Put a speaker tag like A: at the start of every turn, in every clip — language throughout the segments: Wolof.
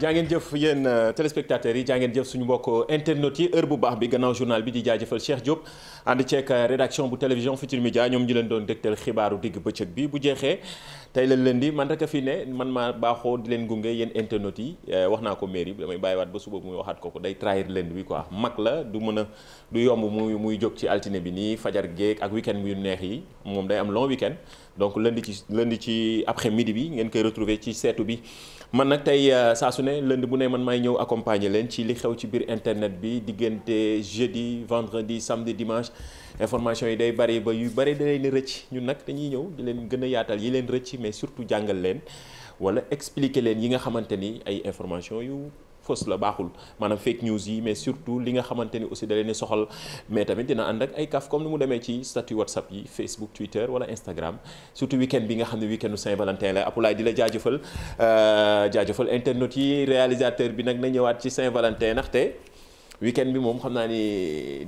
A: jaa ngeen jëf yéen euh, téléspectateurs yi jaa ngeen jëf suñu mbokk internautes yi heure bu baax bi gannaaw journal bi di jaajëfal Cheikh Diop ànd ceek euh, rédaction bu télévision Futur Media ñoom ñu leen doon dégtal xibaaru digg bëccëg bi bu jeexee tey la leen di man rek a fi ne man maa baaxoo di leen gunge yéen internet yi euh, wax naa ko mairie bi damay bàyyiwaat ba suba muy waxaat ko ko day trahir leen bi quoi mag la du mën a du yomb muy muy jóg ci altine bi nii fajar géeg ak week-end yu neex yi moom day am long week-end donc lundi ci lundi ci après midi bi ngeen koy retrouver ci seetu bi man nag tey euh, saa su ne lënd bu ne man maay ñëw accompagner leen ci li xew ci biir internet bi diggante jeudi vendredi samedi dimanche information yi day bari ba yu bari da leen rëcc ñun nag dañuy ñëw di leen gën a yaatal yi leen rëcci mais surtout jàngal leen wala expliquer leen yi nga xamante ni ay information yu fës la baaxul maanaam fake news yi mais surtout li nga xamante ni aussi da leen soxal mais tamit dina ànd ak ay kaf comme ni mu demee ci statut whatsapp yi facebook twitter wala instagram surtout weekend bi nga xam ne weekendu Saint-Valentin la Apulaay di la jaajëfal euh, jaajëfal internet yi réalisateur bi nag na ñëwaat ci Saint-Valentin ndaxte weekend bi moom xam naa ni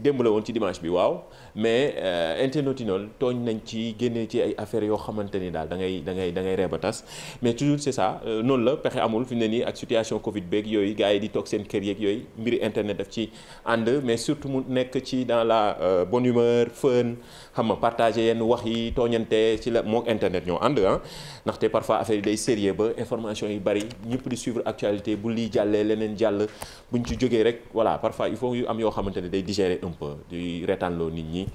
A: démb la woon ci dimanche bi waaw mais euh, internautes yi tooñ nañ ci génnee ci ay affaires yoo xamante ni daal dangay ngay da ngay da ngay tas mais toujours c'est ça euh, noonu la pexe amul fi mu ne nii ak situation Covid beeg yooyu gars yi di toog seen kër yeeg yooyu mbiri internet daf ci ànd mais surtout mu nekk ci dans la euh, bonne humeur fun xam nga partager yenn wax yi tooñante ci la moog internet ñoo ànd ah ndaxte parfois affaire yi day sérieux ba information yi bari ñëpp di actualité bu lii jàllee leneen jàll buñ ci jógee rek fois il faut yu am yoo xamante ne day digérer un peu di reetaanloo nit ñi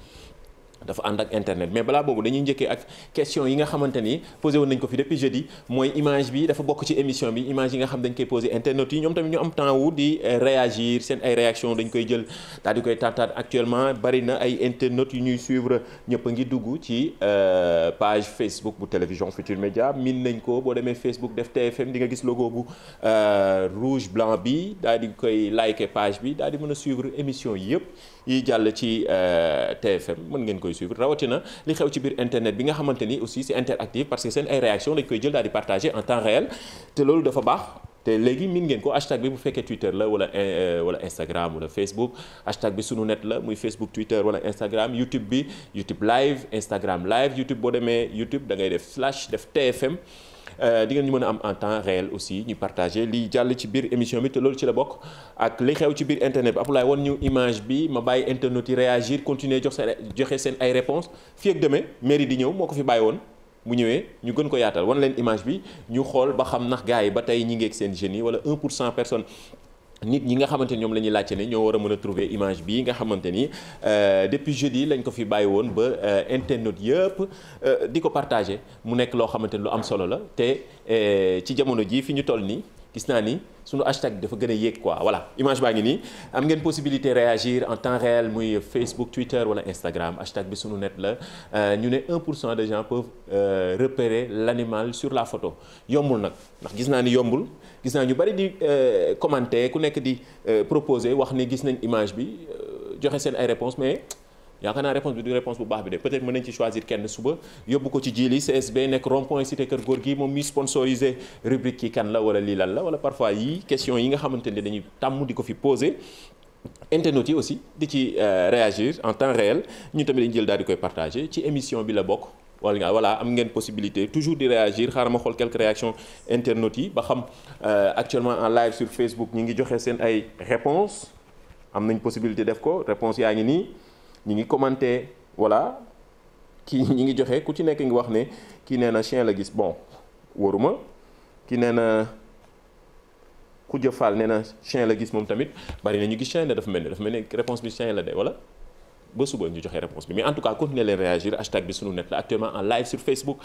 A: dafa ànd ak internet mais balaa boobu dañuy njëkkee ak question yi nga xamante ni posé woon nañ ko fi depuis jeudi mooy image bi dafa bokk ci émission bi image yi nga xam dañ koy posé internet yi ñoom tamit ñu am temps wu di eh, réagir seen ay réaction dañ koy jël daal di koy tataat actuellement bari na ay internet yu ñuy suivre ñëpp a ngi dugg ci euh, page Facebook bu télévision Futur Média min nañ ko boo demee Facebook def TFM di nga gis logo bu euh, rouge blanc bi daal di koy liker page bi daal di mën suivre émission yi yëpp yi jàll ci euh, TFM mën ngeen koy suivre rawatina li xew ci biir internet bi nga xamante ni aussi c'est interactif parce que seen ay réaction dañ koy jël daal di partager en temps réel te loolu dafa baax te léegi min ngeen ko hashtag bi bu fekkee Twitter la wala euh, wala Instagram wala Facebook hashtag bi sunu net la muy Facebook Twitter wala Instagram YouTube bi YouTube live Instagram live YouTube boo demee YouTube dangay def slash def TFM Euh, di ngeen ñu mën a am en temps réel aussi ñu partagé li jàll ci biir émission bi te loolu ci la bokk ak li xew ci biir internet bi Abdoulaye wan ñu image bi ma bàyyi internet yi réagir continuer jox joxe seen ay réponse fii ak demee mairie di ñëw moo ko fi bàyyi woon bu ñëwee ñu gën ko yaatal wan leen image bi ñu xool ba xam nax gars yi ba tey ñi ngeeg seen jeunes yi wala 1 pour cent personnes nit ñi nga xamante ni ñoom la ñuy laajte ne ñoo war a mën a trouver image bii nga xamante ni euh, depuis jeudi lañ ko fi bàyyi woon ba euh, internet yëpp euh, di ko partagé mu nekk loo xamante ni lu am solo la te ci jamono jii fi ñu toll nii gis naa ni suñu hashtag dafa gën a yéeg quoi voilà image baa ngi nii am ngeen possibilité réagir en temps réel muy Facebook Twitter wala Instagram hashtag bi suñu net la euh, ñu ne 1 pour cent des gens peuvent euh, repérer l'animal sur la photo yombul nag ndax gis naa ni yombul gis naa ñu bari di euh, commenter ku nekk di euh, proposer wax ni gis nañ image bi joxe seen ay réponses mais yaakaar naa réponse bi du réponse bu baax bi de peut-être mën ci choisir kenn suba yóbbu ko ci jili CSB nekk rond point cité kër góor gi moom mi sponsorisé rubrique ki kan la wala lii lan la wala parfois yii question yi nga xamante ne dañuy tàmm di ko fi poser internautes yi aussi di ci euh, réagir en temps réel ñu tamit dañu jël dal di koy partager ci émission bi la bokk wala voilà am ngeen possibilité toujours di réagir xaaral ma xool quelques réactions internautes yi ba xam euh, actuellement en live sur Facebook ñi ngi joxe seen ay réponses am nañ possibilité def ko réponse yaa ngi nii ñu ngi commenté voilà kii ñu ngi joxe ku ci nekk ngi wax ne kii nee na chien la gis bon waruma kii nee na ku jëfaal nee na chien la gis moom tamit bari na gis chien dafa mel ni dafa mel ni réponse bi chien la de wala ba suba ñu joxe réponse bi mais en tout cas continuez leen réagir hashtag bi sunu net la actuellement en live sur Facebook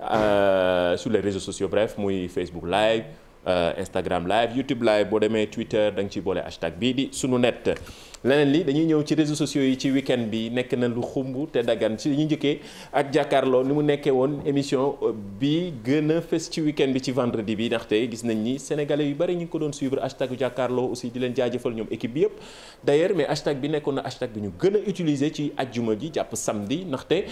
A: euh, sur les réseaux sociaux bref muy Facebook live Euh, Instagram live YouTube live boo demee Twitter da nga ciy boole hashtag bii di sunu nett leneen li dañuy ñëw ci réseaux sociaux yi ci weekend bi nekk na lu xumb te dagan ci dañuy njëkkee ak jàkkaarloo ni mu nekkee woon émission euh, bi gën a fës ci weekend bi ci vendredi bi ndaxte gis nañ ni sénégalais yu bari ñu ko doon suivre hashtag jàkkaarloo aussi di leen jaajëfal ñoom équipe bi yëpp d'ailleurs mais hashtag bi nekkoon na hashtag bi ñu gën a utiliser ci ajjuma ji jàpp samedi ndaxte.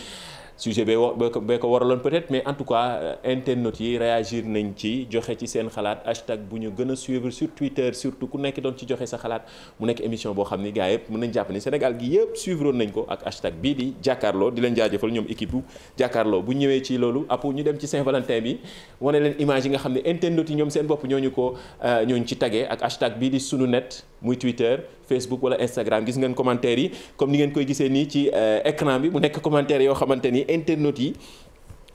A: sujet bee wa bee ko waraloon peut-être mais en tout cas euh, internautes yi réagir nañ ci joxe ci seen xalaat hashtag bu ñu gën a suivre sur Twitter surtout ku nekk doon ci joxe sa xalaat mu nekk émission boo xam ni gars yëpp mën nañ jàpp ni Sénégal gi yëpp suivroon nañ ko ak hashtag bii di jàkkaarloo di leen jaajëfal ñoom équipe bu jàkkaarloo bu ñëwee ci loolu app ñu dem ci Saint-Valentin bi wane leen image yi nga xam ne internautes yi ñoom seen bopp ñooñu ko euh, ñooñu ci tagee ak hashtag bii di sunu net muy Twitter Facebook wala Instagram gis ngeen commentaire yi comme ni ngeen koy gisee nii ci euh, écran bi mu nekk commentaire yoo xamante ni internautes yi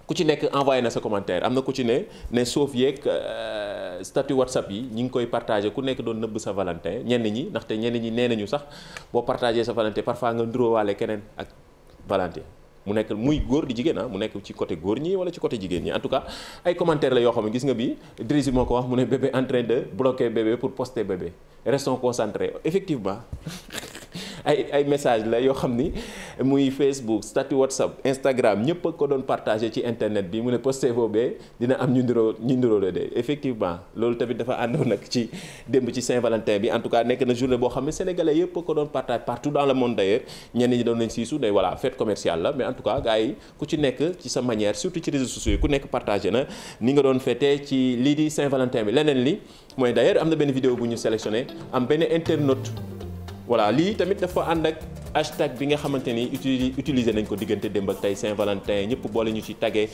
A: ku ci nekk envoyé na sa commentaire am na ku ci ne ne sauf yeeg euh, statut WhatsApp yi ñi ngi koy partagé ku nekk doon nëbb sa Valentin ñenn ñi ndaxte ñenn ñi nee nañu sax boo partagé sa Valentin parfois nga nduróowaale keneen ak Valentin mu nekk muy góor di jigéen ah mu nekk ci côté góor ñi wala ci côté jigéen ñi en tout cas ay commentaire la yoo xam ne gis nga bi Drissi moo ko wax mu ne bébé en train de bloquer bébé pour poster bébé restons concentrés effectivement ay ay message la yoo xam ni muy Facebook statut WhatsApp Instagram ñëpp ko doon partagé ci internet bi mu ne posté boobee dina am ñu niroo ñu niroo la de effectivement loolu tamit dafa ànd nag ci démb ci Saint-Valentin bi en tout cas nekk na journée boo xam ne sénégalais yëpp ko doon partage partout dans le monde d'ailleurs ñenn ñi doon nañ siisu ne voilà fête commerciale la mais en tout cas gars ku ci nekk ci sa manière surtout ci réseaux sociaux yi ku nekk na ni nga doon fêté ci lii di Saint-Valentin bi leneen li mooy d'ailleurs am na benn vidéo bu ñu sélectionné am benn internaute voilà lii tamit dafa ànd ak hashtag bi nga xamante ni utiliser nañ ko diggante démb ak tey Saint-Valentin ñëpp boole ñu ci taggee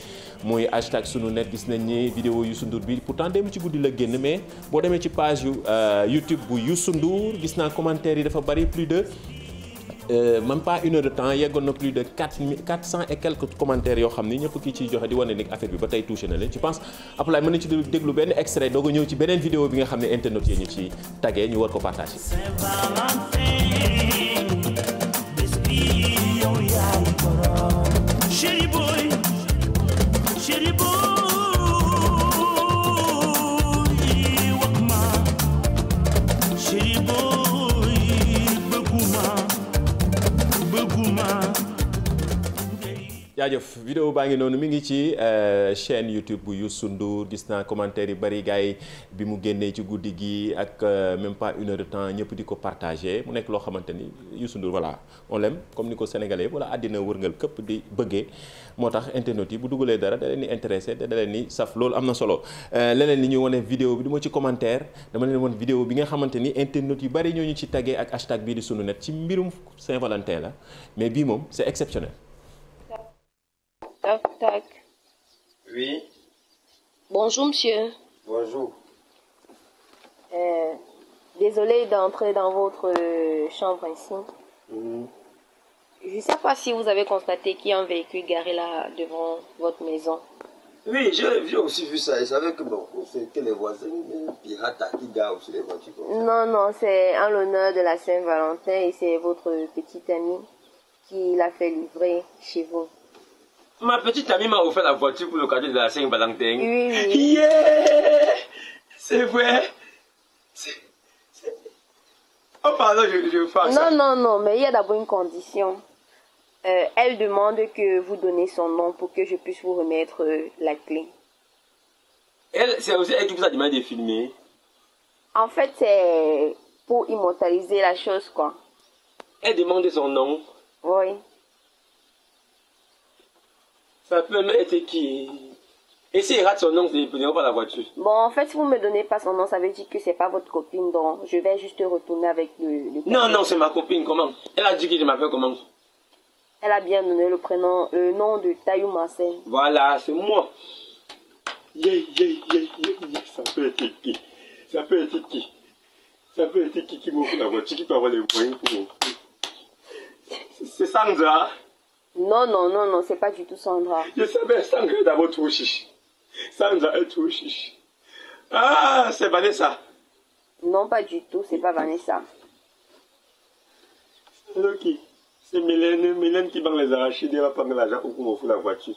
A: mooy hashtag sunu net gis nañ ni vidéo Youssou Ndour bi pour pourtant dem ci guddi la génn mais boo demee ci page yu euh, YouTube bu Youssou Ndour gis naa commentaire yi dafa bari plus de Euh, même pas une heure de temps yeggoon na plus de quatre mille quatre cent et quelques commentaires yoo xam ni ñëpp kii ciy joxe di wane ni affaire bi ba tey touché na leen je pense Abdoulaye mën na ci déglu benn extrait doog a ñëw ci beneen vidéo bi nga xam ne internet yi ñu ci tagué ñu war ko partagé.
B: Chéri
C: bëgguma
A: jaajëf vidéo baa ngi noonu mi ngi ci euh, chaine YouTube bu Youssou Ndour gis naa commentaire yu bari gars yi bi mu génnee ci guddi gi ak euh, même pas une heure de temps ñëpp di ko partagé mu nekk loo xamante ni Youssou Ndour voilà on comme ni ko sénégalais wala àddina wërngal këpp di bëggee moo tax internet yi bu dugalee dara da leen ni intéressé da leen ni saf loolu am na solo euh, leneen li ñu wane vidéo bi du ma ci commentaire dama leen wan vidéo bi nga xamante ni internet yu bari ñoo ñu ci taggee ak hashtag bii di sunu net ci mbirum Saint-Valentin la mais bii moom c'est
B: Tac, tac. monsieur. Bonjour. Euh, désolé d'entrer dans votre euh, chambre ici. Je sais pas si vous avez constaté qu'il y véhicule garé devant votre maison.
C: Oui, j'ai aussi vu ça. Et je que les voisins pirates qui
B: gardent Non, non, c'est en l'honneur de la Saint-Valentin et c'est votre petite amie qui l'a fait livrer chez vous. Ma petite amie m'a offert la voiture pour le cadeau de la Saint-Valentin. Oui, oui. Yeah C'est vrai. C'est... Oh pardon, je, je Non, non, non, mais il y a une condition. Euh, elle demande que vous donnez son nom pour que je puisse vous remettre euh, la clé.
A: Elle, c'est aussi elle qui vous a de filmer.
B: En fait, c'est immortaliser la chose, quoi.
A: Elle demande son nom. Ça peut même être qui
C: Essayez rate son nom, vous ne pas la voiture.
B: Bon, en fait, si vous me donnez pas son nom, ça veut dire que c'est pas votre copine, donc je vais juste retourner avec le. non, non,
C: c'est ma copine, comment Elle a dit qu'il m'appelle comment
B: Elle a bien donné le prénom, le nom de Tayou
C: Voilà, c'est moi. Yeah, yeah, yeah, être qui Ça peut être qui Ça peut être qui qui m'offre la voiture, qui peut avoir les moyens pour m'offrir
B: Non, non, non, non, c'est pas du tout Sandra.
C: Je savais, Sandra est d'abord trop chiche. Sandra est trop chiche. Ah, c'est Vanessa.
B: Non, pas du tout, c'est pas Vanessa.
C: C'est qui C'est Mélène, Mélène qui banque les arachides et va prendre l'argent la voiture.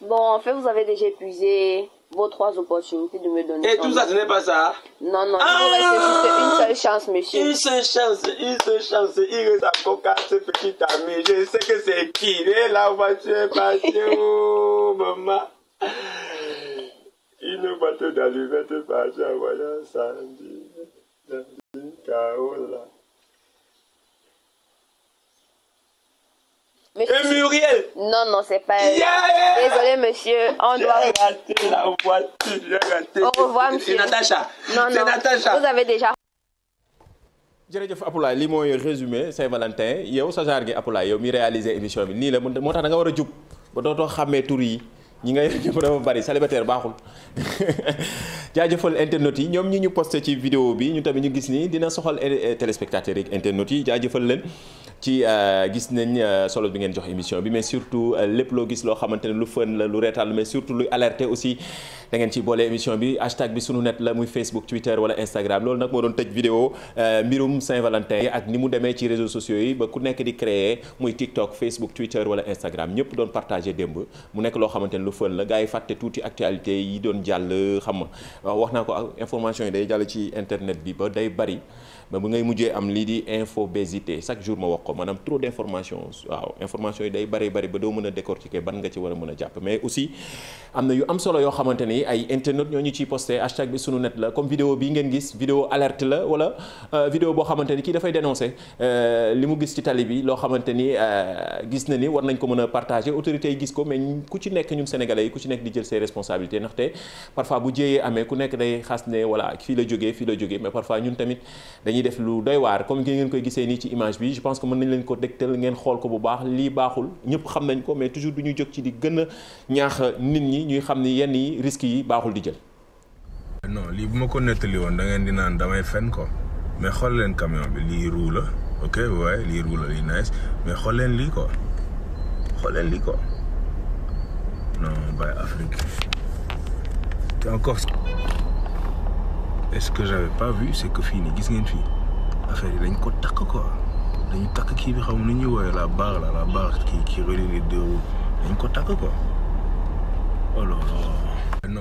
B: Bon, en vous avez déjà épuisé vos trois opportunités de me donner. tout ça, ce n'est pas ça. Non, non, ah c'est juste une ah! seule chance, monsieur. Une
C: seule chance, une seule chance. Il reste à coca, ce petit ami. Je sais que c'est qui. Et la voiture passée, oh, maman. Une voiture d'allumette passée, voilà, samedi. Samedi, Carola.
B: Monsieur... Et Muriel Non, non, c'est pas yeah Désolé, monsieur, on doit raté
C: la voiture, raté. Au revoir,
A: mooy résumé Saint-Valentin yow sa genre gi Apulaay yow mi réalisé émission bi nii la moo tax da nga war a jub ba dootoo xàmmee tur yi ñi nga jëpp dafa bari célibataire baaxul jaajëfal internet yi ñoom ñi ñu posté ci vidéo bi ñu tamit ñu gis nii dina soxal eh, eh, téléspectateurs yi internet yi jaajëfal leen ci euh, gis nañ euh, solo bi ngeen jox émission bi mais surtout euh, lépp loo gis loo xamante ne lu fën la lu reetaan la mais surtout luy alerter aussi da ngeen ci boole émission bi hashtag bi sunu net la muy Facebook Twitter wala Instagram loolu nag moo doon tëj vidéo mbirum Saint-Valentin ak ni mu demee ci réseaux sociaux yi ba ku nekk di créer muy TikTok Facebook Twitter wala Instagram ñëpp doon partagé démb mu nekk loo xamante ne lu fën la gars yi fàtte tuuti actualité yi doon jàll xam nga wax naa ko information yi day jàll ci internet bi ba day bari ba bu ngay mujjee am lii di infobésité chaque jour ma wax ko maanaam trop d' information waaw information yi day bari bari ba doo mën a décortiquer ban nga ci war a mën a jàpp mais aussi am na yu am solo yoo xamante ay internet ñoo ñu ciy posté hashtag bi sunu net la comme vidéo bii ngeen gis vidéo alerte la wala euh, vidéo boo xamante kii dafay dénoncer euh, li mu gis ci tali bi loo xamante euh, gis na ni war nañ ko mën a partager autorités yi gis ko mais ku ci nekk ñun sénégalais yi ku ci nekk di jël ses responsabilités nañ leen ko dégtal ngeen xool ko bu baax lii baaxul ñëpp xam nañ ko mais toujours du ñu jóg ci di gën a ñaax nit ñi ñuy xam ni yenn yi risques yi baaxul di jël.
C: non lii bu ma ko nettali woon da ngeen di naan damay fen ko mais xool leen camion bi lii ruu la ok waaye lii ruu la lii nice mais xool leen lii ko xool leen lii ko non bàyyi Afrique te encore. est-ce que j'avais pas vu c'est que fii nii gis ngeen fii affaire yi ko takk quoi. dañu takk kii bi xam nu ñuy woowee
A: la barre la la barre kii kii relie les deux roues dañ ko takk quoi oh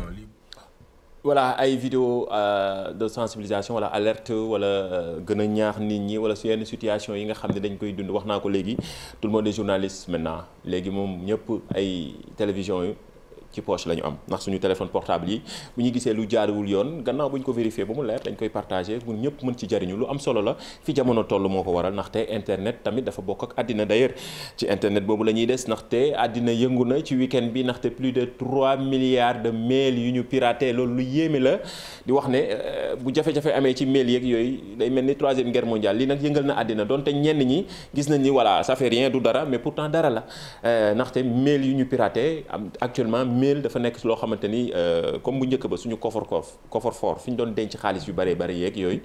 A: voilà ay vidéo euh, de sensibilisation wala alerte wala euh, gën a ñaax nit ñi wala su yenn situation yi nga xam ne dañ koy dund wax naa ko léegi tout le monde est journaliste léegi moom ñëpp ay télévision yu ci poche la ñu am ndax suñu téléphone portable yi bu ñu gisee lu jaarewul yoon gannaaw bu ko vérifié ba mu leer dañ koy partagé mun ñëpp mën ci jariñu lu am solo la fi jamono toll moo ko waral ndaxte internet tamit dafa bokk ak àddina d'ailleurs ci internet boobu la ñuy des ndaxte àddina yëngu na ci week-end bi ndaxte plus de 3 milliards de mail yu ñu piraté loolu lu yéeme la di wax ne euh, bu jafe-jafe amee ci mail yeeg yooyu day mel ni troisième guerre mondiale lii nag yëngal na àddina donte ñenn ñi gis nañ ni voilà ça fait rien du dara mais dara la euh, ndaxte mail yu ñu piraté actuellement mail dafa nekk loo xamante ni euh, comme bu njëkk ba suñu coffre coffre fort fi ñu doon denc xaalis yu bëree bëri yeeg yooyu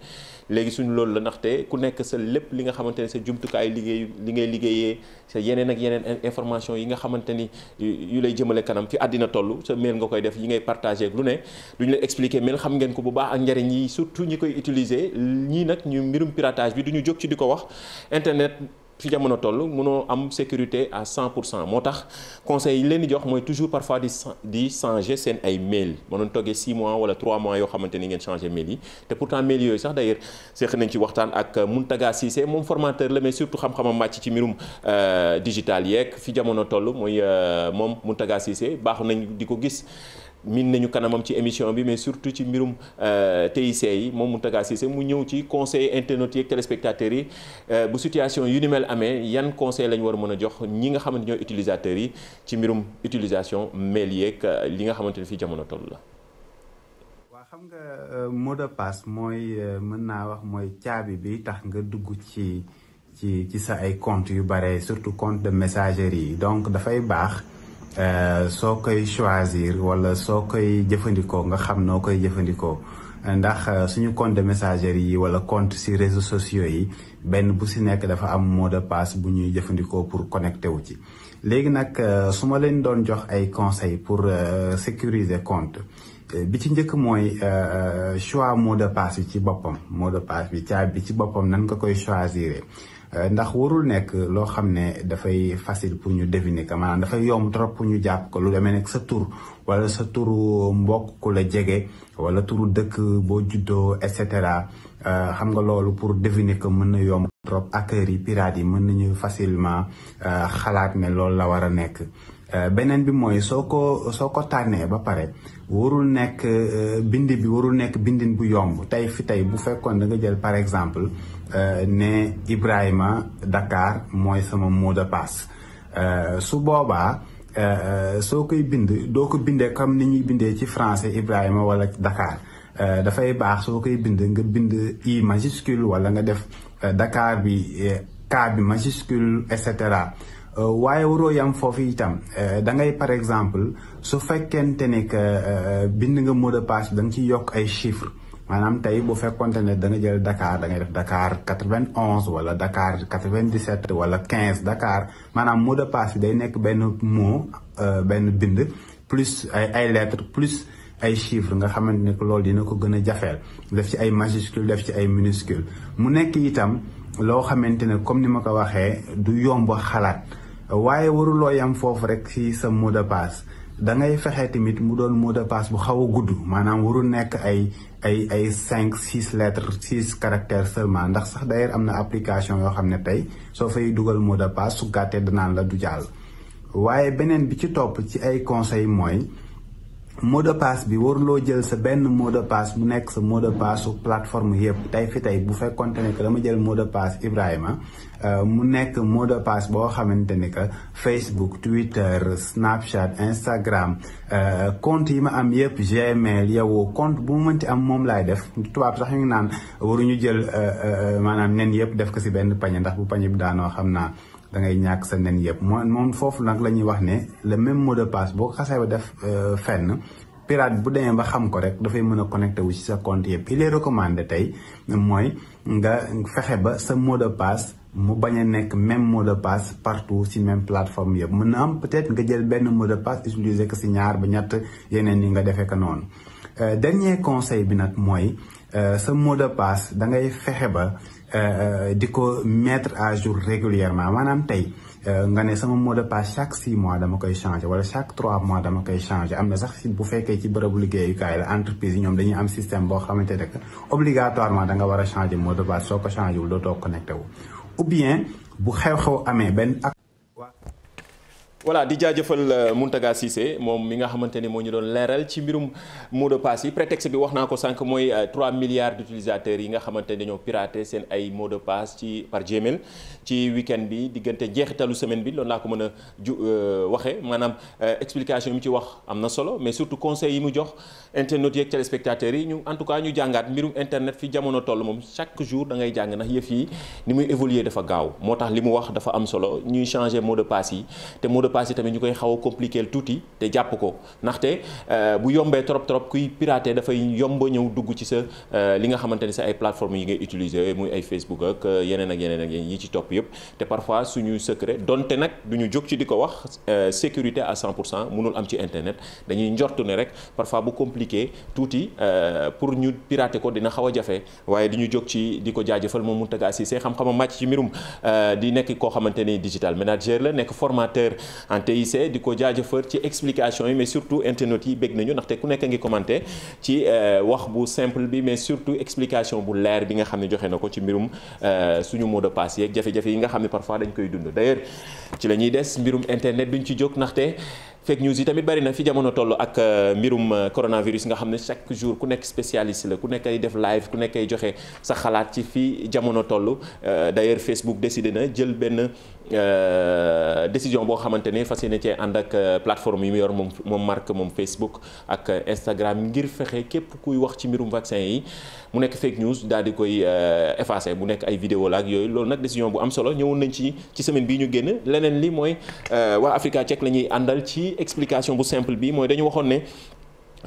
A: léegi suñu loolu la ndaxte ku nekk sa lépp li nga xamante ni sa jumtukaay liggéey li ngay liggéeyee sa yeneen ak yeneen information yi nga xamante ni yu lay jëmale kanam fi àddina toll sa mail nga koy def yi ngay partagé ak lu ne duñu la expliqué mail xam ngeen ko bu baax ak njëriñ yi surtout ñi koy utiliser ñi nag ñu mbirum piratage bi duñu jóg ci di ko wax internet fi jamono toll munoo am sécurité à 100 pour cent moo tax conseil yi leen di jox mooy toujours parfois di di changer seen ay mail mënoon toggee 6 mois wala 3 mois yoo xamante ni ngeen changer mail yi te pourtant mail yooyu sax d'ailleurs seq nañ ci waxtaan ak Mountaga Cissé moom formateur la mais surtout xam-xamam màcc ci mbirum euh, digital yeeg fi jamono toll mooy euh, moom Mountaga Cissé baax nañu di ko gis min nañu kanamam ci émission bi mais surtout ci mbirum euh, TIC yi moom Mountaga Cissé mu ñëw ci conseil internautes yeeg téléspectateurs yi euh, bu situation yu ni mel amee yan conseil la ñu war a mën a jox ñi nga xamante ñooy utilisateurs yi ci mbirum utilisation mail yeeg euh, li nga xamante ne fii jamono toll la.
D: waa xam nga mot de passe mooy mën naa wax mooy caabi bi tax nga dugg ci ci ci sa ay compte yu bare surtout compte de messagerie yi donc dafay baax. Euh, soo koy choisir wala soo koy jëfandikoo nga xam noo koy jëfandikoo ndax euh, suñu compte de messagerie yi wala compte si réseaux sociaux yi benn bu si nekk dafa am mot de passe bu ñuy jëfandikoo pour connecté wu ci. léegi nag euh, su ma leen doon jox ay conseil pour sécuriser compte bi ci njëkk mooy choix mot de passe yi ci boppam mot de passe bi caabi bi ci boppam nan nga koy choisir. Euh, ndax warul nekk loo xam ne dafay facile pour ñu deviner que maanaam dafay yomb trop pour ñu jàpp ko lu demee nekk sa tur wala sa tur mbokk ku la jege wala tur dëkk boo juddoo et cetera euh, xam nga loolu pour deviner que mën na yomb trop acteurs yi pirates yi mën nañu facilement euh, xalaat ne loolu la war a nekk beneen bi mooy soo ko soo ko tànnee ba pare warul nekk bind bi warul nekk bindin bu yomb tey fi tey bu fekkoon da nga jël par exemple Euh, ne Ibrahima Dakar mooy sama mot de passe euh, su boobaa euh, soo koy bind doo ko bindee comme ni ñuy bindee ci français Ibrahima wala Dakar dafay baax soo koy bind nga bind i majuscule wala nga def Dakar bi ka bi majuscule et cetera waaye waroo yam foofu itam da ngay par exemple su fekkente ne que bind nga mot de passe da nga yokk ay chiffres. maanaam tey bu fekkonte ne da nga jël Dakar da ngay def dakaar quatre vingt onze wala dakaar quatre vingt dix sept wala quinze dakaar maanaam mot de passe day nekk benn mot euh, benn bind plus ay ay plus ay chiffres nga xamante ne loolu dina ko gën a jafeel def ci ay majuscule def ci ay minuscule mu nekk itam loo xamante ne comme ni ma ko waxee du yomb xalaat waaye waruloo yam foofu rek ci sa mot de passe da ngay fexe tamit mu doon mot de bu xaw a gudd maanaam waru nekk ay ay ay cinq six lettres six caractères seulement ndax sax d'ailleurs am na application yoo xam ne tey soo fay dugal mot de su gàttee danaan la du jàll waaye beneen bi ci topp ci ay conseil mooy mot de passe bi waruloo jël sa benn mot de passe bu nekk sa mot de passe su plateforme yëpp tey fi tey bu fekkonte ne que dama jël mot de passe Ibrahima euh, mu nekk mot de passe boo xamante ne que Facebook Twitter Snapchat Instagram euh, compte yi ma am yëpp Gmail yow compte bu mu mënti am moom laay def tubaab sax ñu naan waruñu jël euh, maanaam nen yëpp def ko si benn pañe ndax bu pañe bi daanoo xam naa. da ngay ñàkk sa nen yëpp mo moom foofu nag la ñuy wax ne le même mot de passe boo ko xasee ba def euh, fenn pirate bu demee ba xam ko rek dafay mën a connecté wu ci sa compte yëpp il est recommandé tey mooy nga fexe ba sa mot de passe mu bañ a nekk même mot de passe partout ci même plateforme yëpp mën na am peut-être nga jël benn mot de passe utiliser ko si ñaar ba ñett yeneen yi nga defee ko noonu euh, dernier conseil bi nag mooy euh, sa mot de passe da ngay fexe ba Euh, di ko mettre à jour régulièrement maanaam tey euh, nga ne sama mot de passe chaque six mois dama koy changer wala chaque trois mois dama koy changer am na sax bu fekkee ci bërëbu liggéeyukaay la entreprise yi ñoom dañuy am système boo xamante ne obligatoirement da nga war a changer mot de passe soo ko changer wul dootoo connecté wu ou bien bu xew-xew amee benn
A: voilà di jaajëfal euh, Mountaga Cissé moom mi nga xamante ni moo ñu doon leeral ci mbirum mot de yi yi prétexte bi wax naa ko sànq mooy 3 euh, milliards d' yi nga xamante ni dañoo piraté seen ay mot de passe ci par Gmail ci week-end bi diggante jeexitalu semaine bi loolu laa ko mën a ju euh, waxe maanaam explication yi mu ci wax am na solo mais surtout conseil yi mu jox internautes yeeg yi ñu en tout cas ñu jàngaat mbirum internet fi jamono toll moom chaque jour da ngay jàng ndax yëf yi ni muy évoluer dafa gaaw moo tax li mu wax dafa am solo ñuy changer mot de yi pass yi tamit ñu koy xaw a compliquer tuuti te jàpp ko ndaxte euh, bu yombee trop trop kuy pirater dafay yomb ñëw dugg ci sa euh, li nga xamante ni sa ay plateformes yi ngay utiliser muy ay Facebook ak euh, yeneen ak yeneen ak yeneen yi ci topp yëpp te parfois suñu secret donte nag du ñu jóg ci di ko wax sécurité à pour cent mënul am ci internet dañuy njortu ne rek parfois bu compliqué tuuti pour ñu pirater ko dina xaw a jafe waaye duñu jóg ci di ko jaajëfal moom Mountaga Cissé xam-xamam màcc ci mbirum di nekk koo xamante ni digital manager la nekk formateur en TIC di ko jaajëfal ci explication yi mais surtout internautes yi bég nañu ndaxte ku nekk ngi commenté ci euh, wax bu simple bi mais surtout explication bu leer bi nga xam ne joxe na ko ci mbirum euh, suñu mot de passe yeeg jafe-jafe yi nga xam ne parfois dañ koy dund d'ailleurs ci la ñuy des mbirum internet duñ ci jóg ndaxte fake news yi tamit bari na fi jamono toll ak euh, mbirum euh, coronavirus nga xam ne chaque jour ku nekk spécialiste la ku nekk ay def live ku nekk ay joxe sa xalaat ci fi jamono toll euh, d'ailleurs Facebook décidé na jël benn décision boo xamante ne fas yéene cee ànd ak plateforme yi mu moom moom marque moom Facebook ak Instagram ngir fexe képp kuy wax ci mbirum vaccin yi mu nekk fake news daal di koy effacer bu nekk ay vidéo la ak yooyu loolu nag décision bu am solo ñëwoon nañ ci ci semaine bii ñu génn leneen li mooy ci explication bu simple bi mooy dañu waxoon ne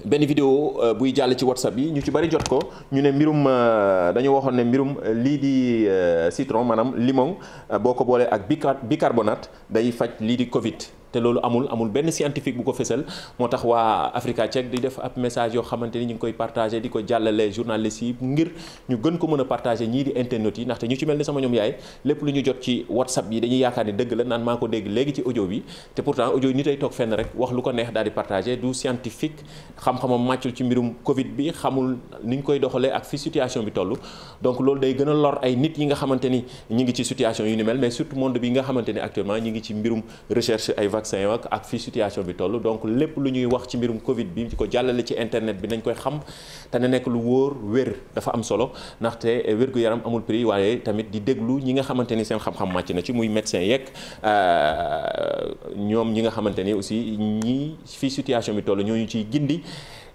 A: benn vidéo euh, buy jàll ci whatsapp yi ñu ci bari jot ko ñu ne mbirum euh, dañu waxoon ne mbirum euh, lii di citron maanaam limon boo ko boolee ak bica bicarbonate day faj lii di Covid. te loolu amul amul benn scientifique bu ko fësal moo tax waa Africa Check di def ab message yoo xamante ni ñu ngi koy partagé di ko jàllale journalistes yi ngir ñu gën ko mën a partagé ñii di internet yi ndaxte ñu ci mel ni sama ñoom yaay lépp lu ñu jot ci whatsapp yi dañuy yaakaar ni dëgg la naan maa ko dégg léegi ci audio bi te pourtant audio yi ni tey toog fenn rek wax lu ko neex daal di partagé du scientifique xam-xamam màccul ci mbirum Covid bi xamul ñu koy doxalee ak fi situation bi toll donc loolu day gën a lor ay nit yi nga xamante ni ñu ngi ci situation yu ni mel mais surtout monde bi nga xamante ni actuellement ñu ngi ci mbirum recherche ay vaccin yi ak fi situation bi toll donc lépp lu ñuy wax ci mbirum Covid bi di ko jàllale ci internet bi nañ koy xam te ne nekk lu wóor wér dafa am solo ndaxte eh, wérgu yaram amul prix waaye tamit di déglu ñi nga xamante ni seen xam-xam màcc na ci muy médecin yeeg euh, ñoom ñi nga xamante ni aussi ñi fi situation bi ñoo ñu ciy gindi.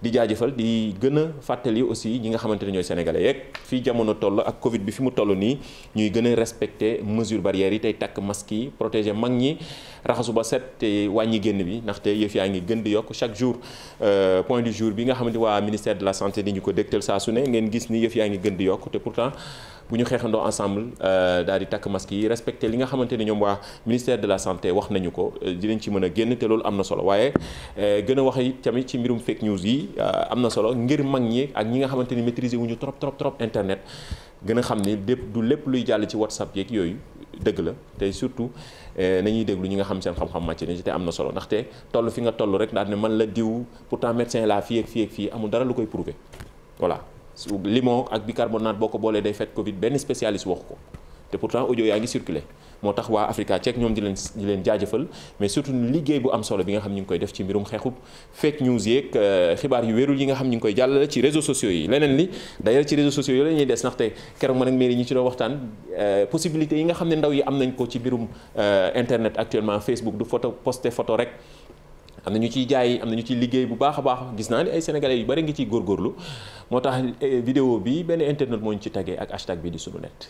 A: di jaajafal di gën a fàttali aussi ñi nga xamante ne ñooy sénégalais yeeg fii jamono toll ak Covid bi fi mu toll nii ñuy gën a respecter mesures barrières yi tey takk masques yi mag ñi. raxasu ba set te wàññi génn bi ndaxte yëf yaa ngi gën di yokk chaque jour euh, point du jour bi nga xamante waa ministère de la santé di ñu ko dégtal saa su ne ngeen gis ni yëf yaa ngi gën di yokk te pourtant bu ñu xeexandoo ensemble euh, daal di takk masque yi respecté li nga xamante ne ñoom waa ministère de la santé wax nañu ko euh, dinañ ci mën a génn te loolu am na solo waaye gën a wax tamit ci mbirum fake news yi am na solo ngir mag ñi ak ñi nga xamante ni maîtriser wuñu trop trop trop internet gën a xam ni lépp du lépp luy jàll ci whatsapp yeeg yooyu dëgg la Eh, nañuy déglu ñi nga xam seen xam-xam màcc na ci te am na solo ndaxte toll fi nga toll rek daal ne man la diw pourtant médecin laa fii ak fii ak fii amul dara lu koy prouver voilà limon ak bicarbonate boo ko boolee day fet Covid benn spécialiste waxu ko te pourtant audio yaa ngi circulé moo tax waa Africa Check ñoom di leen di leen jaajëfal mais surtout liggéey bu am solo bi nga xam ñu ngi koy def ci mbirum xeexub fake news yeeg euh, xibaar yu wérul yi nga xam ñu ngi koy jàllale ci réseaux sociaux yi leneen li d'ailleurs ci réseaux sociaux yi la ñuy des ndaxte keroog man ak mairie ñi ci doon waxtaan euh, possibilité yi nga xam ne ndaw yi am nañ ko ci mbirum euh, internet actuellement Facebook du photo posté photo rek am na ñu ciy jaay am na ñu ciy liggéey bu baax a baax gis naa ni ay sénégalais yu bari ngi ciy góorgóorlu moo tax vidéo bi benn internet moo ñu ci taggee ak hashtag bi di sunu net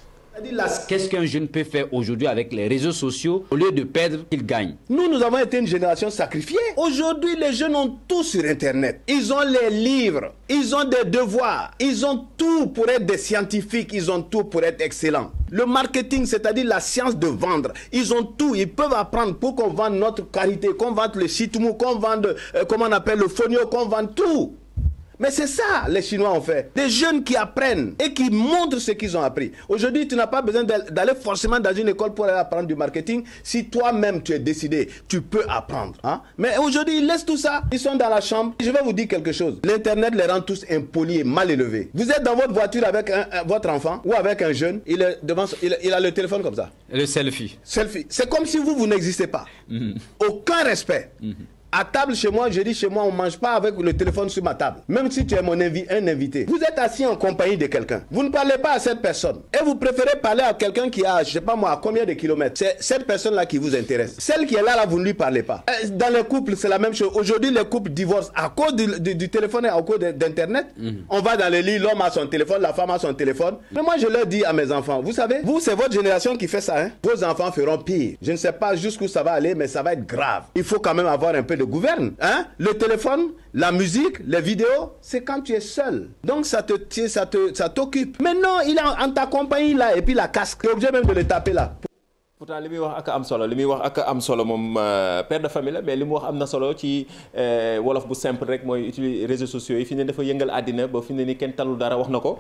A: Qu'est-ce qu'un jeune peut faire aujourd'hui avec les réseaux sociaux au lieu de perdre qu'il gagne
C: Nous, nous avons été une génération sacrifiée. Aujourd'hui, les jeunes ont tout sur Internet. Ils ont les livres, ils ont des devoirs, ils ont tout pour être des scientifiques, ils ont tout pour être excellents. Le marketing, c'est-à-dire la science de vendre, ils ont tout. Ils peuvent apprendre pour qu'on vende notre qualité, qu'on vende le sitemou, qu'on vende, euh, Mais c'est ça, les Chinois ont fait. Des jeunes qui apprennent et qui montrent ce qu'ils ont appris. Aujourd'hui, tu n'as pas besoin d'aller forcément dans une école pour aller apprendre du marketing. Si toi-même tu es décidé, tu peux apprendre. Hein? Mais aujourd'hui, ils laissent tout ça. Ils sont dans la chambre. Je vais vous dire quelque chose. L'Internet les rend tous impolis et mal élevés. Vous êtes dans votre voiture avec un, un, euh, votre enfant ou avec un jeune. Il, est devant, il, il a le téléphone comme ça. Le selfie. Selfie. C'est comme si vous, vous n'existez pas. Mmh. Aucun respect. Mmh. À table chez moi, je dis chez moi, on mange pas avec le téléphone sur ma table. Même si tu es mon invité. Vous êtes assis en compagnie de quelqu'un. Vous ne parlez pas à cette personne. Et vous préférez parler à quelqu'un qui a, je sais pas moi, à combien de kilomètres. C'est cette personne-là qui vous intéresse. Celle qui est là, là, vous ne lui parlez pas. Euh, dans les couples, c'est la même chose. Aujourd'hui, les couples divorcent à cause du, téléphone et à cause de gouverne. Hein? Le téléphone, la musique, les vidéos, c'est quand tu es seul. Donc ça te ça te ça t'occupe. Maintenant, il est en ta compagnie là et puis la casque. T'es obligé même de le taper là.
A: pourtant li muy wax ak am solo li muy wax ak am solo moom euh, père de famille la mais li mu wax am na solo ci euh, wolof bu simple rek mooy utiliser réseaux sociaux yi fi ne dafa yëngal àddina ba fi ne ni kenn talul dara wax na ko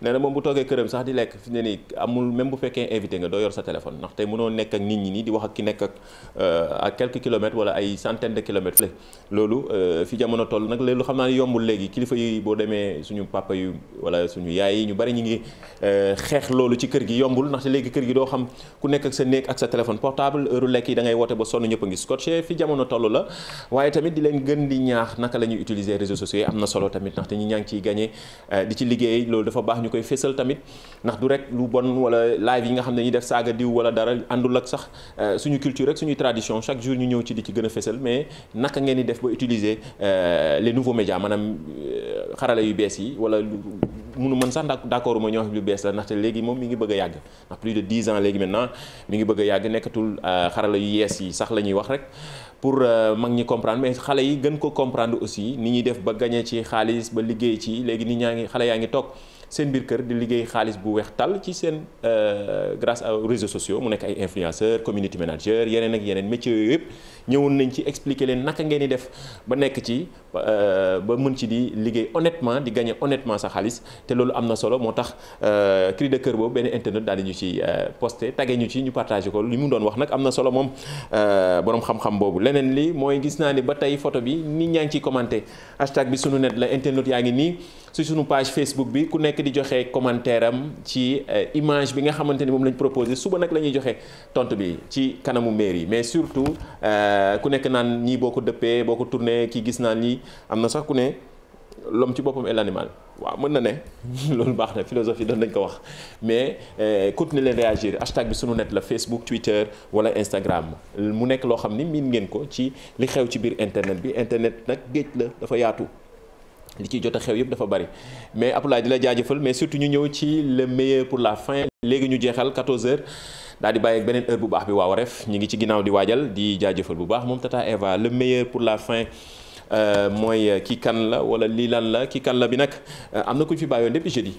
A: nee na moom bu toogee këram sax di lekk fi ne ni amul même bu fekkee invité nga doo yor sa téléphone ndax tey mënoo nekk ak nit ñi nii di wax ak ki nekk ak à euh, quelques kilomètres wala ay centaines de kilomètres la loolu fi jamono toll nag léegi xam naa ne yombul léegi kilifa yi boo demee suñu papa wala suñu yaay yi ñu bari ñu ngi xeex loolu ci kër gi yombul ndaxte léegi kër gi doo xam ku nekk ak sa néeg ak sa téléphone portable heure lekk yi da ngay woote ba sonn ñëpp a ngi scotché fi jamono toll la waaye tamit di leen gën di ñaax naka la ñuy utiliser réseaux sociaux yi am na solo tamit ndaxte ñi ñaa ngi ciy gagné eh, di ci liggéey loolu dafa baax ñu koy fésal tamit ndax du rek lu bon wala live yi nga xam ne ñuy def saaga diw wala dara àndul ak sax eh, suñu culture rek suñuy tradition chaque jour ñu ñëw ci di ci gën a fésal mais naka ngeen di def ba utiliser eh, les nouveaux médias maanaam xarala yu bees yi wala munu mën sax d' accord ma ñoo xam lu bees la ndaxte léegi moom mi ngi bëgg a yàgg ndax plus de 10 ans léegi maintenant mi ngi bëgg a yàgg nekkatul euh, xarala yu yees yi sax la ñuy wax rek pour euh, mag ñi comprendre mais xale yi gën ko comprendre aussi ni ñuy def ba gagné ci xaalis ba liggéey ci léegi nit ñaa ngi xale yaa ngi toog seen biir kër di liggéey xaalis bu weex tàll ci seen euh, grâce aux réseaux sociaux mu nekk ay influenceurs community manager yeneen ak yeneen métiers yooyu yëpp ñëwoon nañ ci expliquer leen naka ngeen di def ba nekk ci euh, ba mën ci di liggéey honnêtement di gagner honnêtement sa xaalis te loolu am na solo moo tax euh, cri de cœur boobu benn internet daal ñu ci posté tagge ci ñu partagé li mu doon wax nag am na solo moom borom xam-xam boobu leneen li mooy gis naa ni ba tey photo bi nit ñaa ngi ciy commenté hashtag bi sunu net la internet yaa ngi nii su sunu page Facebook bi ku nekk di joxe commentaire am ci euh, image bi nga xamante ni moom lañ proposé suba nag la ñuy joxe tontu bi ci kanamu yi mais surtout euh, ku nekk naan ñii boo ko dëppee boo ko tourné kii gis naan lii am na sax ku ne l'homme ci boppam et l'animal waaw mën na ne loolu baax na philosophie doon nañ ko wax mais euh, continuer leen réagir hashtag bi sunu net la Facebook Twitter wala Instagram mu nekk loo xam ni miin ngeen ko ci li xew ci biir internet bi internet nag géej la dafa yaatu. li ciy jot a xew yëpp dafa bari mais Abdoulaye di la jaajëfal mais surtout ñu ñëw ci le meilleur pour la fin léegi ñu jeexal 14h daal di bàyyi ak beneen heure bu baax bi waaw ref ñu ngi ci ginnaaw di waajal di jaajëfal bu baax moom tata Eva le meilleur pour la fin euh, mooy euh, kii kan la wala lii la kii kan la bi nag euh, am na ku fi bàyyoon depuis jeudi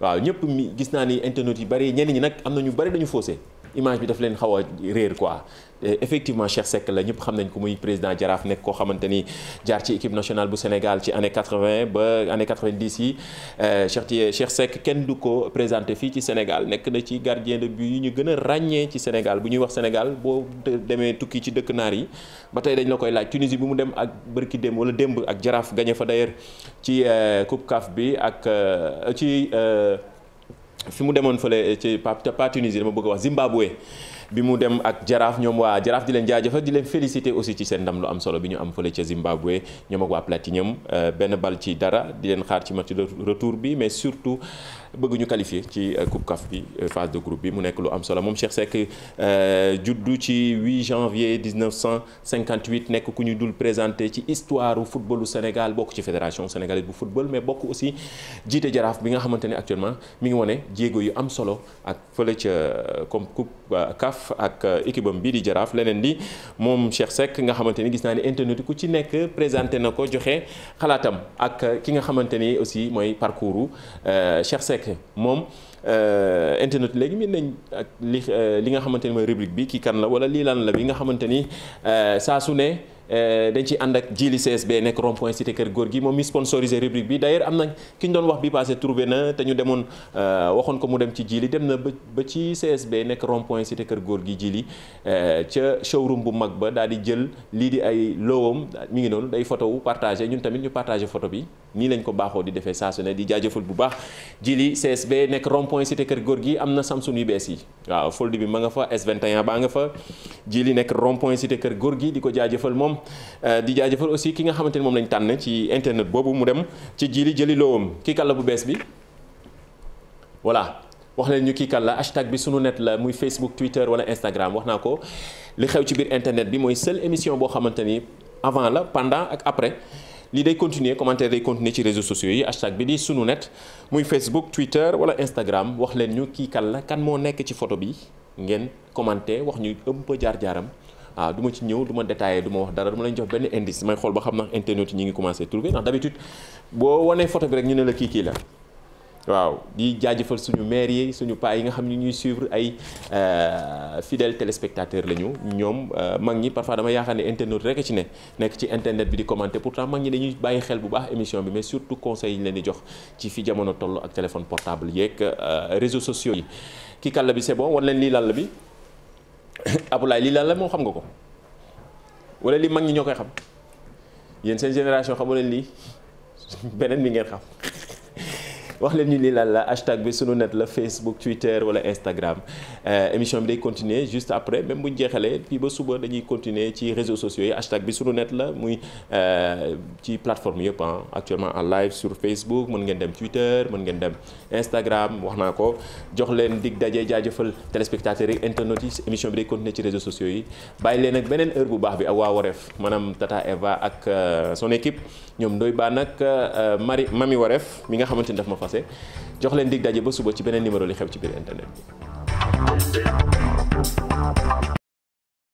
A: waaw ñëpp mi gis naa ni internet yi bari ñenn ñi nag am na ñu bari dañu faussé. image bi daf leen xaw a réer quoi effectivement Cheikh sekk la ñëpp xam nañ ko muy président jaraaf nekk koo xamante ni jaar ci équipe nationale bu Sénégal ci année 80 ba année 90 yi euh, Cheikh Cheikh Seck kenn du ko présenté fii ci Sénégal nekk na ci gardien de but yi ñu gën a ràññee ci Sénégal bu ñuy wax Sénégal boo demee tukki ci dëkk naar yi ba tey dañ la koy laaj Tunisie bi mu dem ak bërki démb wala démb ak jaraaf gañe fa d'ailleurs ci euh, coupe CAF bi ak euh, ci fi mu demoon fële ci pas Tunisie dama bëgg a wax Zimbabwe bi mu dem ak jaraaf ñoom waa jaraaf di leen jaajëfal di leen félicité aussi ci seen ndam lu am solo bi ñu am fële ca Zimbabwe ñoom ak waa Platinum euh, benn bal ci dara di leen xaar ci match retour bi mais surtout bëgg ñu qualifier ci euh, coupe CAF bi euh, phase de groupe bi mu nekk lu am solo moom Cheikh Seck euh, juddu ci 8 janvier 1958 nekk ku ñu dul présenté ci histoire u footballu Sénégal bokk ci fédération sénégalaise bu football mais bokk aussi jiite jaraaf bi nga xamante ne actuellement mi ngi wane jéego yu am solo ak fële ca comme coupe CAF ak équipe bii di jaraaf leneen li moom Cheikh Seck nga xamante ni gis naa ni internet ku ci nekk présenté na ko joxe xalaatam ak ki nga xamante ni aussi mooy parcours nekk moom euh, internet léegi mën nañ ak li euh, li nga xamante ni mooy rubrique bi kii kan la wala lii lan la bi nga xamante ni euh, saa su ne. Eh, dañ ci ànd ak jiili CSB nekk rond point cité kër góor gi moom mi sponsorisé rubrique bi d'ailleurs am na ki ñu doon wax bi passé trouvé na te ñu demoon euh, waxoon ko mu dem ci jili dem na ba ba ci CSB nekk rond point cité kër góor gi jili eh, ca showroom bu mag ba daal di jël lii di ay lowam mi ngi noonu day photo wu ñun tamit ñu partagé photo bi nii lañ ko baaxoo di defee saa di jaajëfal bu baax jili CSB nekk rond point cité kër góor gi am na Samsung yu bees yi waaw fold bi ma nga fa s baa nga fa jili nekk rond point cité kër góor gi di ko jaajëfal moom moom eh, di jaajëfal aussi ki nga xamante ni moom lañu tànn ci internet boobu mu dem ci jiili jëli loowam kii kan la bu bees bi voilà wax leen ñu kii kan la hashtag bi sunu net la muy Facebook Twitter wala Instagram wax naa ko li xew ci biir internet bi mooy seule émission boo xamante ni avant la pendant ak après lii day continuer commentaire day continuer ci réseaux sociaux yi hashtag bi di sunu net muy Facebook Twitter wala Instagram wax leen ñu kii kan la kan moo nekk ci photo bi ngeen commenter wax ñu un jaar-jaaram. ah duma ci ñëw du ma détaillé du ma wax dara du ma leen jox benn indice may xool ba xam ndax internet yi ñu ngi commencé trouver ndax d'habitude boo wanee photo bi rek ñu ne la kii kii la waaw di jaajëfal suñu maire yi suñu paa yi nga xam ni ñuy suivre ay euh, fidèles téléspectateurs lañu ñoom euh, mag ñi parfois dama yaakaar ne internet rek ci ne nekk ci internet bi di commenter pourtant mag ñi dañuy bàyyi xel bu baax émission bi mais surtout conseils leen di jox ci fi jamono toll ak téléphone portable yeeg euh, réseaux sociaux yi kii kàlla bi c'est bon wan leen lii làll bi. Abdoulaye lii lan la moo xam nga ko wala li mag ñi ñoo koy xam yéen seen génération xamu leen lii beneen bi ngeen xam. wax leen ñu lii lan la hashtag bi sunu net la Facebook Twitter wala Instagram euh, émission bi day continuer juste après même bu ñu jeexalee fii ba suba dañuy continuer ci réseaux sociaux yi hashtag bi sunu net la muy euh, ci plateforme yëpp ah actuellement en live sur Facebook mën ngeen dem Twitter mën ngeen dem Instagram wax naa ko jox leen dig dajee jaajëfal téléspectateurs yi internautes yi émission bi day continuer ci réseaux sociaux yi bàyyi leen ak beneen heure bu baax bi ak waa maanaam Tata Eva ak euh, son équipe ñoom doy baa nag Marie Mami Wareef mi nga xamante ni daf avancé jox leen dig daje ba suba ci beneen numéro li xew ci biir internet
B: bi